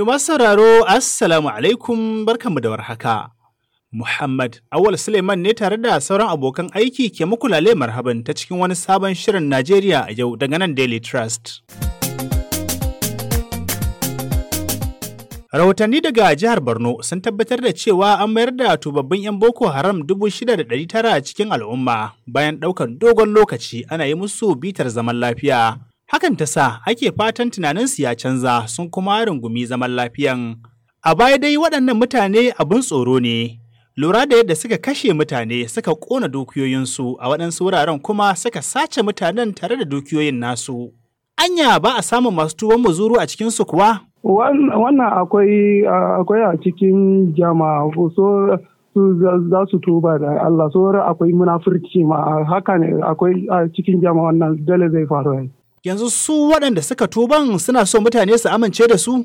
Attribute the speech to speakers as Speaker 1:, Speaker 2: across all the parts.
Speaker 1: To masu sauraro, Assalamu alaikum barkanmu da warhaka. Muhammad Awal Suleiman ne tare da sauran abokan aiki ke muku lale marhaban ta cikin wani sabon shirin Najeriya a yau daga nan Daily Trust. Rahotanni daga jihar Borno sun tabbatar da cewa an mayar da tubabbin 'yan Boko Haram 6,900 cikin al'umma bayan ɗaukar dogon lokaci ana yi musu bitar zaman lafiya. Hakan ta sa ake fatan tunaninsu ya canza sun kuma rungumi zaman lafiyan. A baya dai waɗannan mutane abin tsoro ne, lura da yadda suka kashe mutane suka ƙona dukiyoyinsu a waɗansu wuraren kuma suka sace mutanen tare da dukiyoyin nasu. Anya ba a samun masu tuwon zuru a cikinsu kuwa?
Speaker 2: Wannan akwai a cikin jama'a so za su tuba da Allah so akwai munafurci ma hakan akwai a cikin jama'a wannan dole zai faru.
Speaker 1: yanzu su waɗanda suka tuban suna so mutane su amince da su?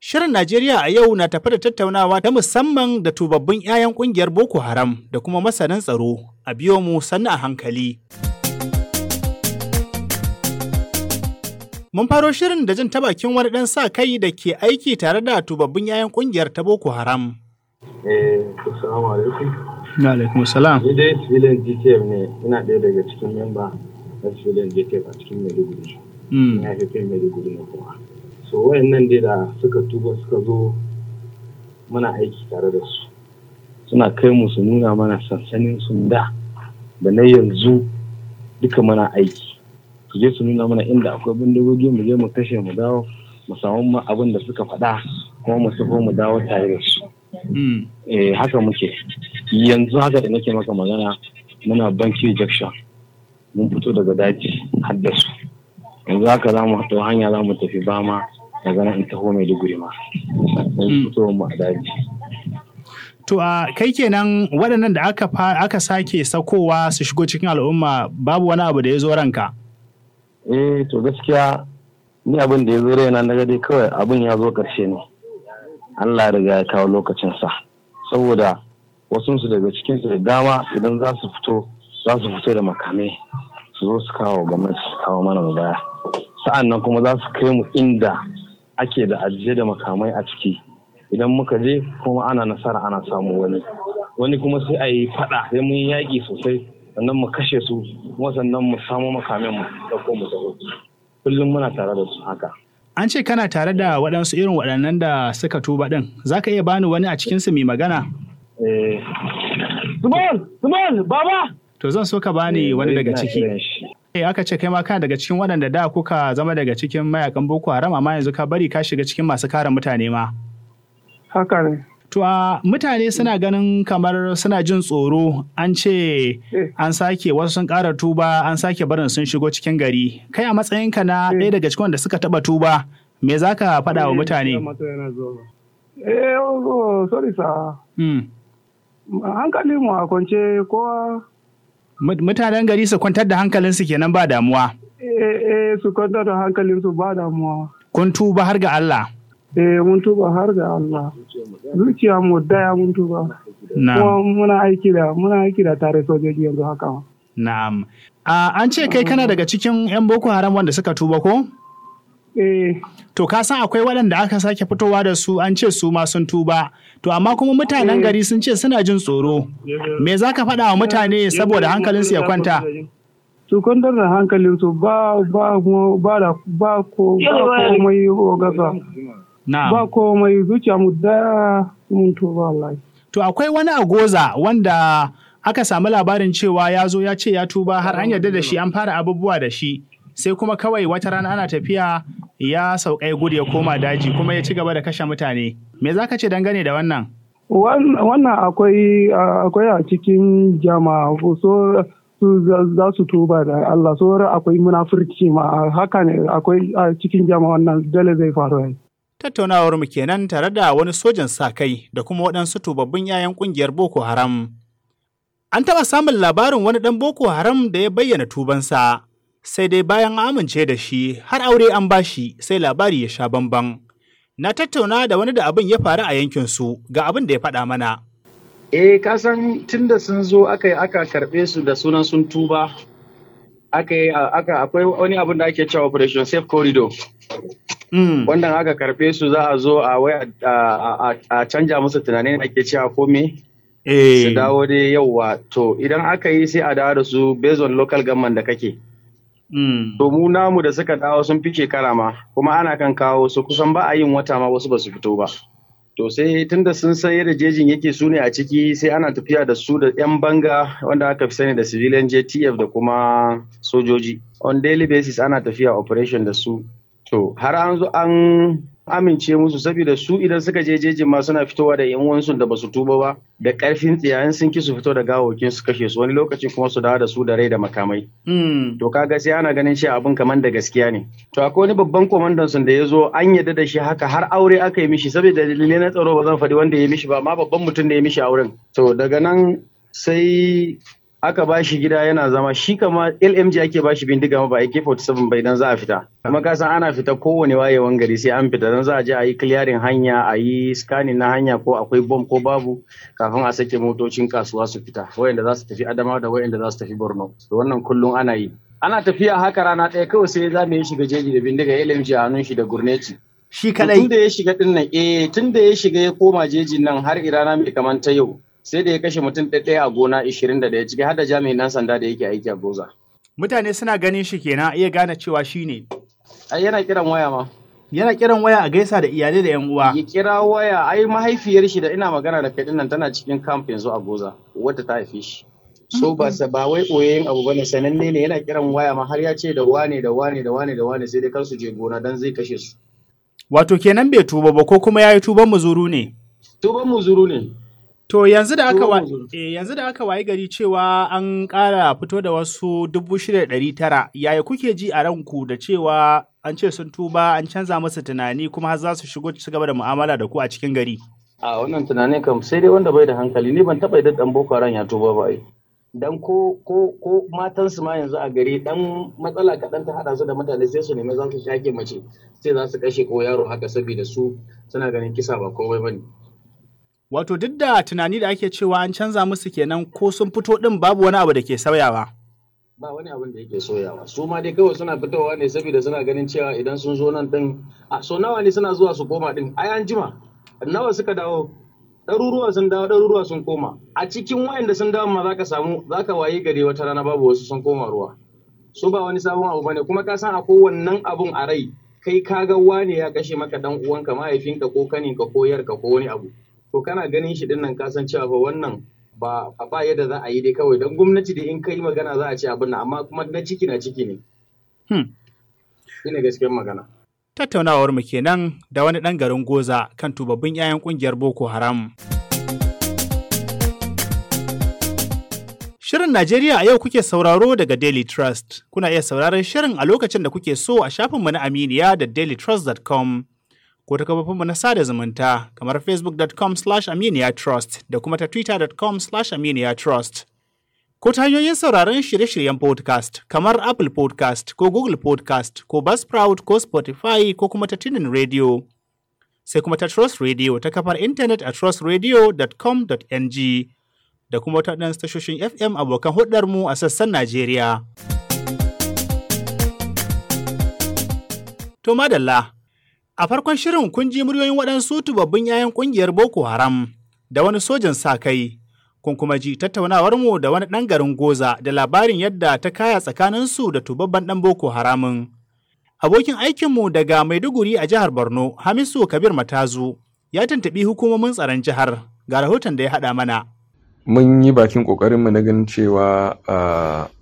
Speaker 1: Shirin Najeriya a yau na tafi da tattaunawa ta musamman da tubabbin 'ya'yan ƙungiyar Boko Haram da kuma masanan tsaro a biyo mu sannu a hankali. Mun faro shirin da jin tabakin wani ɗan sa kai da ke aiki tare da tubabbin 'ya'yan ƙungiyar ta Boko Haram.
Speaker 3: Eh, salamu alaikum.
Speaker 1: Na alaikum salam. Ni dai
Speaker 3: ne, ina ɗaya daga cikin memba ɗan filin da cikin maiduguri hmm. ya fi maiduguri na dai da suka tuba suka zo muna aiki tare da su suna kai mu su nuna mana sansanin sun da da na yanzu duka mana aiki su je su nuna mana inda akwai bindigogi mu je mu kashe mu dawo mu samu abin da suka faɗa kuma mu sufo mu dawo tare da su hmm. eh, haka muke yanzu haka da nake maka magana muna banki junction mun fito daga daji haddasu. yanzu haka za mu haɗu hanya za mu tafi bama daga nan in taho duguri ma mun mm. fito mu a daji
Speaker 1: To a kai kenan waɗannan da aka aka sake sakowa su shigo cikin al'umma
Speaker 3: babu wani abu da ya zo ranka? Eh to gaskiya ni abin da ya zo raina na ga dai kawai abin ya zo karshe ne. Allah riga ya kawo sa Saboda wasu su daga cikinsu da dama idan za su fito za su fito da makamai su zo su kawo gwamnati su kawo mana mu baya sa'an nan kuma za su kai mu inda ake da ajiye da makamai a ciki idan muka je kuma ana nasara ana samu wani wani kuma sai a yi fada sai mun yaƙi sosai sannan mu kashe su kuma sannan mu samu makamin mu ɗauko mu taho kullum muna tare da su haka
Speaker 1: an ce kana tare da waɗansu irin waɗannan da suka tuba ɗin za ka iya bani wani a cikinsu mai magana eh. Simon, Simon, Baba! To zan so ka bani eh, wani daga ciki. Eh aka ce kai ma kana daga cikin waɗanda da kuka zama daga cikin mayakan Boko Haram amma yanzu ka bari ka shiga cikin masu kare mutane ma. Haka ne. To a mutane suna ganin kamar suna jin tsoro an ce eh. an sake wasu sun ƙara tuba an sake barin sun shigo cikin gari. Kai a matsayinka na eh. ɗaya daga cikin wanda suka taɓa tuba me za ka faɗa wa mutane?
Speaker 2: Eh, oh, oh, sorry sa.
Speaker 1: Hmm. Hankali mu a kwance kowa mutanen gari su kwantar da hankalinsu kenan ba damuwa.
Speaker 2: Eh, eh, su kwantar da hankalinsu ba damuwa. Kun tuba har ga Allah. Eh, mun tuba har ga Allah. Zuciya mu daya mun tuba. Na'am. muna aiki da muna aiki da tare sojoji yanzu haka.
Speaker 1: Na'am. Ah, an ce kai kana daga cikin 'yan Boko Haram wanda suka tuba ko? Eh. To ka san akwai waɗanda aka sake fitowa da su an ce su ma sun tuba. To amma kuma mutanen eh. gari sun
Speaker 2: ce suna jin tsoro. Me za ka faɗa wa mutane eh. saboda hankalinsu ya kwanta? Su kwantar da su ba ba ba da ba ko komai Ba komai zuciya mu da mun tuba Allah.
Speaker 1: To akwai wani agoza wanda aka samu labarin cewa ya zo ya ce ya tuba har an yarda da shi an fara abubuwa da shi. sai kuma kawai wata rana ana tafiya ya sauka ya gudu ya koma daji kuma ya ci gaba da kashe mutane me za ka ce dangane da wannan
Speaker 2: wannan akwai a cikin jama'a so za su tuba da Allah so akwai munafurci ma haka ne akwai a cikin jama'a wannan dole zai faru
Speaker 1: tattaunawar mu kenan tare da wani sojan sa kai da kuma waɗansu tubabbin 'ya'yan ƙungiyar Boko Haram an taɓa samun labarin wani ɗan Boko Haram da ya bayyana tubansa sai dai bayan amince da shi har aure an bashi sai labari ya sha bamban. Na tattauna da wani da abin ya faru a yankin su ga abin da ya faɗa mana.
Speaker 4: Eh kasan tun da sun zo aka yi aka karɓe su da sunan sun tuba aka aka akwai wani abin da ake cewa operation safe corridor. Hmm. Wannan aka karɓe su za a zo a waya a canja musu tunanin ake cewa ko me? Eh. Su dawo dai yauwa to idan aka yi sai a dawo da su based on local government da kake. Hmm. To mu namu da suka dawo sun fi shekara ma kuma ana kan kawo su kusan ba a yin wata ma wasu ba su fito ba. To sai tunda sun san yadda jejin yake su ne a ciki sai ana tafiya da su da 'yan banga wanda aka fi sani da civilian JTF da kuma sojoji. On daily basis ana tafiya operation da su. To har an zo an amince musu saboda su idan suka je jejin ma suna fitowa da yan wansu da basu tuba ba da karfin tsiyayen sun ki su fito da gawokin su kashe su wani lokaci kuma su dawo da su da rai da makamai hmm. to kaga sai ana ganin shi abin kamar da gaskiya ne to akwai wani babban komandan sun da ya zo an yadda da shi haka har aure aka yi mishi saboda dalilai na tsaro ba zan faɗi wanda ya mishi ba amma babban mutum da ya mishi auren to daga nan sai aka ba shi gida yana zama shi kama LMG ake ba shi bindiga ba AK47 ba idan za a fita kuma ka san ana fita kowane wayewan gari sai an fita don za a je a yi clearing hanya a yi scanning na hanya ko akwai bomb ko babu kafin a sake motocin kasuwa su fita wayanda za su tafi Adamawa da wayanda za su tafi Borno to wannan kullum ana yi ana tafiya haka rana ɗaya kawai sai za mu yi shiga jeji da bindiga LMG a hannun shi da gurneti shi kadai tun da ya shiga din nan eh tun da ya shiga ya koma jejin nan har irana mai kamanta yau sai da ya kashe mutum ɗaya a gona 21 ciki har da jami'in nan sanda da yake aiki a goza.
Speaker 1: Mutane suna ganin shi kenan iya gane cewa shi ne. Yana kiran waya ma.
Speaker 4: Yana kiran waya a gaisa da iyalai da yan uwa. Ya kira waya ai mahaifiyar shi da ina magana da kai dinnan tana cikin camp yanzu a goza Wata ta haife shi. So ba sa ba wai yin abu bane sananne ne yana kiran waya ma har ya ce da wane da wane da wane da wane sai dai kar su je gona dan zai kashe su.
Speaker 1: Wato kenan bai tuba ba ko kuma ya yi tuban muzuru ne? Tuban muzuru ne. To yanzu da aka eh, yanzu da aka wayi gari cewa an ƙara fito da wasu dubu shida ɗari tara yaya kuke ji a ranku da cewa an ce sun tuba an canza musu tunani kuma har za su shigo su gaba da mu'amala da ku a cikin gari. A
Speaker 4: wannan tunanin kam sai dai wanda bai da hankali ni ban taɓa idan ɗan boko haram ya tuba ba Dan ko ko ko su ma yanzu a gari dan matsala kaɗan ta haɗa su da mutane sai su nemi za su shake mace sai za su kashe ko yaro haka saboda su suna ganin kisa ba komai bane. Wato duk da
Speaker 1: tunani da ake cewa an canza musu kenan ko sun fito ɗin babu wani abu da ke sauyawa.
Speaker 4: Ba wani abu da yake soyawa. Su ma dai kawai suna fitowa ne saboda suna ganin cewa idan sun zo nan ɗin a so nawa ne suna zuwa su koma ɗin ai an jima. Nawa suka dawo ɗaruruwa sun dawo ɗaruruwa sun koma a cikin da sun dawo ma za ka samu za ka wayi gari wata rana babu wasu sun koma ruwa su ba wani sabon abu bane kuma ka san a wannan abun a rai kai ka ga wane ya kashe maka dan uwanka mahaifinka ko kaninka ko yarka ko wani abu to kana ganin shi dinnan ka san cewa wannan ba a ba yadda za a yi dai kawai don gwamnati da in kai magana za a ce abin amma kuma na ciki na ciki ne. Hmm. Ina gaskiyar magana.
Speaker 1: Tattaunawar mu kenan da wani ɗan garin Goza kan tubabbin 'ya'yan ƙungiyar Boko Haram. Shirin Najeriya a yau kuke sauraro daga Daily Trust. Kuna iya sauraron shirin a lokacin da kuke so a shafinmu na Aminiya da dailytrust.com. ko ta kafofinmu na sada zumunta kamar facebook.com slash da kuma ta twitter.com slash Ko ta hanyoyin sauraron shirye-shiryen podcast kamar Apple podcast ko Google podcast ko Buzzsprout ko Spotify ko kuma ta tunin radio. Sai kuma ta Trust Radio ta kafar intanet a trustradio.com.ng da kuma ta ɗan tashoshin FM abokan hudarmu a sassan Najeriya. To madalla. A farkon shirin kun ji muryoyin waɗansu tubabbin 'ya'yan ƙungiyar Boko Haram da wani sojan sa kai, kun kuma ji tattaunawarmu da wani ɗan garin Goza da labarin yadda ta kaya tsakanin su da tubabban ɗan Boko Haramun. Abokin aikinmu daga Maiduguri a jihar Borno, Hamisu Kabir Matazu, ya tuntuɓi hukumomin tsaron jihar ga rahoton da ya haɗa mana.
Speaker 2: Mun yi bakin ƙoƙarinmu na ganin cewa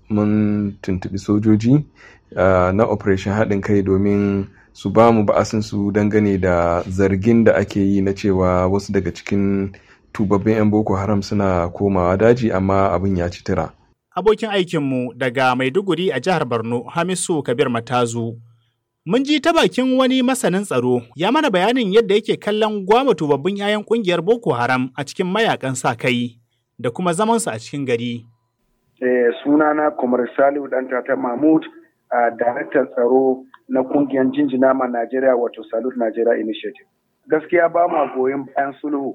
Speaker 2: mun tuntuɓi sojoji na Operation haɗin kai domin su ba mu ba'asin su dangane da zargin da ake yi na cewa wasu daga cikin tubabbin 'yan boko haram suna komawa daji amma abin ya ci tira.
Speaker 1: Abokin aikinmu daga Maiduguri a jihar Borno Hamisu Kabir Matazu. Mun ji ta bakin wani masanin tsaro ya mana bayanin yadda yake kallon gwama tubabbin 'ya'yan kungiyar Boko Haram a cikin mayakan sa kai da kuma zamansu a cikin gari.
Speaker 2: Eh, sunana Kumar Salihu ta Mahmud, a daraktan tsaro na kungiyar jinjina ma Najeriya wato Salute Najeriya Initiative. Gaskiya ba ma goyon bayan sulhu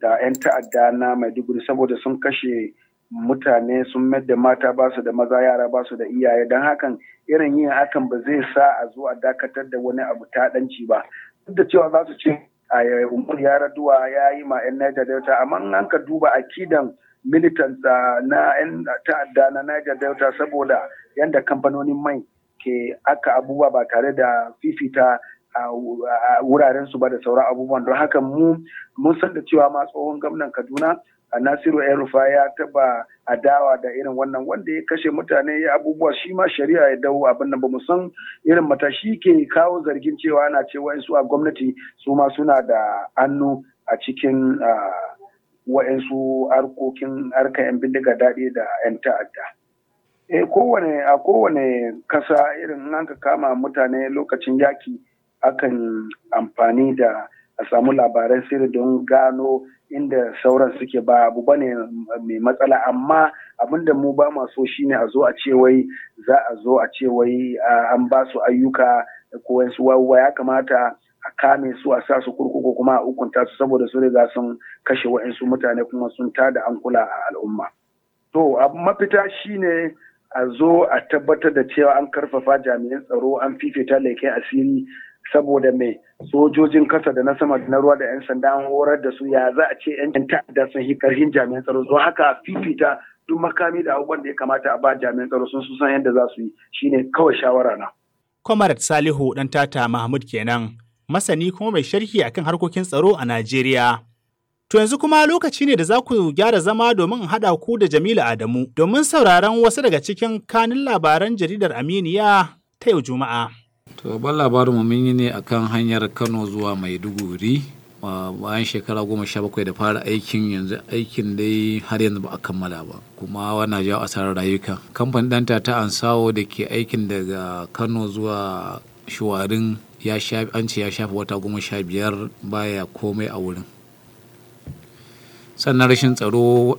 Speaker 2: da 'yan ta'adda na Maiduguri saboda sun kashe mutane sun mayar da mata ba su da maza yara ba su da iyaye don hakan irin yin hakan ba zai sa a zo a dakatar da wani abu taɗanci ba duk da cewa za su ce a umar ya duwa ya yi ma 'yan Niger Delta amma an ka duba akidan militant ah, na 'yan ta'adda na Niger Delta saboda yadda kamfanonin mai ke aka abubuwa ba tare da fifita a wuraren su ba da sauran abubuwan don haka mu mun san da cewa ma tsohon gwamnan Kaduna Nasiru El ya taba adawa da irin wannan wanda ya kashe mutane ya abubuwa shi ma shari'a ya dawo abin nan ba mu san irin matashi ke kawo zargin cewa ana cewa su a gwamnati su ma suna da hannu a cikin wa'insu harkokin harkar 'yan bindiga daɗi da 'yan ta'adda. eh kowane a kowane kasa irin an ka kama mutane lokacin yaki akan amfani da a samu labaran sirri don gano inda sauran suke ba abu ba ne mai matsala amma abinda mu ba so shine a zo a ce wai za a zo a ce wai an ba su ayyuka ko wasu wawa ya kamata a kame su a sa su kurkuku kuma a hukunta su saboda su riga sun kashe wa'insu mutane kuma sun tada an kula a al'umma to mafita shine a zo a tabbatar da cewa an karfafa jami'an tsaro an fifita laikai asiri saboda mai sojojin kasa da na sama da na ruwa da 'yan sanda an horar da su ya za a ce 'yan ta'adda sun yi karhin jami'an tsaro don haka fifita duk makami da abubuwan da ya kamata a ba jami'an tsaro sun san yadda za su yi shine kawai shawara na.
Speaker 1: Comrade Salihu ɗan tata Mahmud kenan masani kuma mai sharhi akan harkokin tsaro a Najeriya. To yanzu kuma lokaci ne da za ku gyara zama domin in haɗa ku da Jamilu Adamu domin sauraron wasu daga cikin kanin labaran jaridar Aminiya ta yau Juma'a.
Speaker 5: To labarin labarinmu mun yi ne akan hanyar Kano zuwa Maiduguri bayan shekara goma sha bakwai da fara aikin yanzu aikin dai har yanzu ba a kammala ba kuma wana jawo asarar rayuka kamfanin danta ta ansawo da ke aikin daga kano zuwa shuwarin ya an ce ya shafi wata goma sha biyar baya komai a wurin sannan rashin tsaro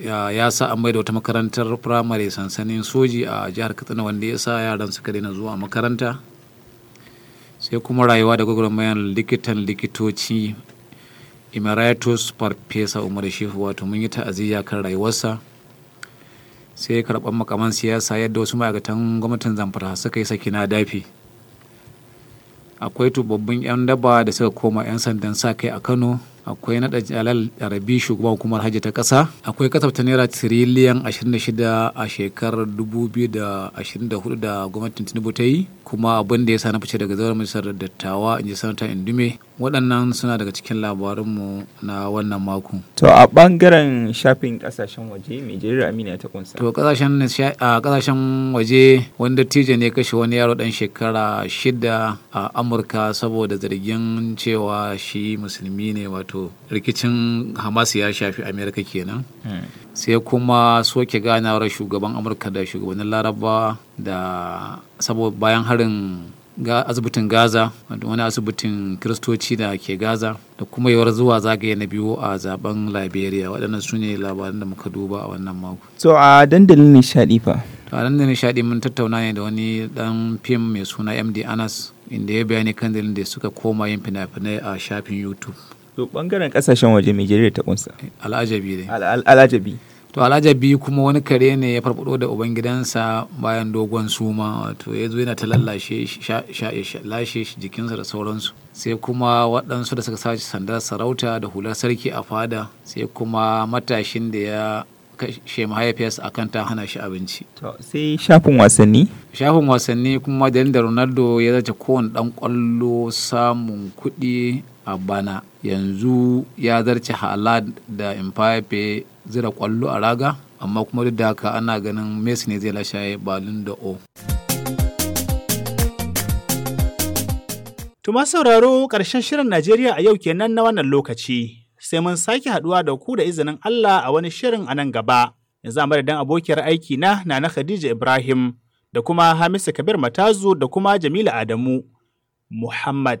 Speaker 5: ya sa an bai da wata makarantar firamare sansanin soji a jihar katsina wanda ya sa yaran suka daina zuwa makaranta sai kuma rayuwa da gwagwarmayar likitan likitoci emeritus farfesa umar shehu wato mun yi ta'aziyya kan rayuwarsa sai karɓar makaman siyasa yadda wasu ma'aikatan gwamnatin zamfara suka yi saki na dafi akwai tubabbin 'yan daba da suka koma 'yan sandan sa kai a kano akwai naɗa jalal arabi shugaban hukumar hajji ta ƙasa akwai kasafta naira tiriliyan 26 a shekarar 2024 da gwamnatin tinubu ta yi kuma abin da ya sa na fice daga zauren majalisar dattawa in ji sanata indume waɗannan suna daga cikin labarinmu na wannan mako. to a ɓangaren shafin ƙasashen waje mai jirar amina ta kunsa. to ƙasashen waje wanda tije ne kashe wani yaro ɗan shekara shida a amurka saboda zargin cewa shi musulmi ne wato wato rikicin hamas ya shafi amerika kenan hmm. sai kuma soke ganawar shugaban amurka da shugabannin laraba da saboda bayan harin asibitin gaza wani asibitin kiristoci da ke gaza da kuma yawar zuwa zagaye na biyu a zaben liberia waɗannan su ne labaran da muka duba a wannan mako
Speaker 1: so a dandalin nishaɗi fa
Speaker 5: a dandalin nishaɗi mun tattauna ne da wani ɗan fim mai suna md anas inda ya bayani kan da suka koma yin fina-finai a shafin youtube to bangaren kasashen
Speaker 1: waje mai jirgin ta kunsa
Speaker 5: al'ajabi ne al'ajabi to al'ajabi kuma wani kare ne ya farfado da ubangidansa bayan dogon suma to ya zo yana ta lallashe lashe jikinsa da sauransu sai kuma waɗansu da suka sace sandar sarauta da hular sarki a fada sai kuma matashin da ya kashe mahaifiyarsa akan ta hana shi abinci.
Speaker 1: sai shafin wasanni?
Speaker 5: Shafin wasanni kuma dalilin da Ronaldo ya zace kowane ɗan ƙwallo samun kuɗi a bana yanzu ya zarce hala da imfafe zira kwallo a raga amma kuma duk da haka ana ganin messi ne zai lashe balin da o
Speaker 1: tuma sauraro karshen shirin najeriya a yau kenan na wannan lokaci sai mun sake haduwa da ku da izinin allah a wani shirin a nan gaba yanzu a madadin abokiyar aiki na nana khadija ibrahim da kuma hamisu kabir matazu da kuma jamila adamu muhammad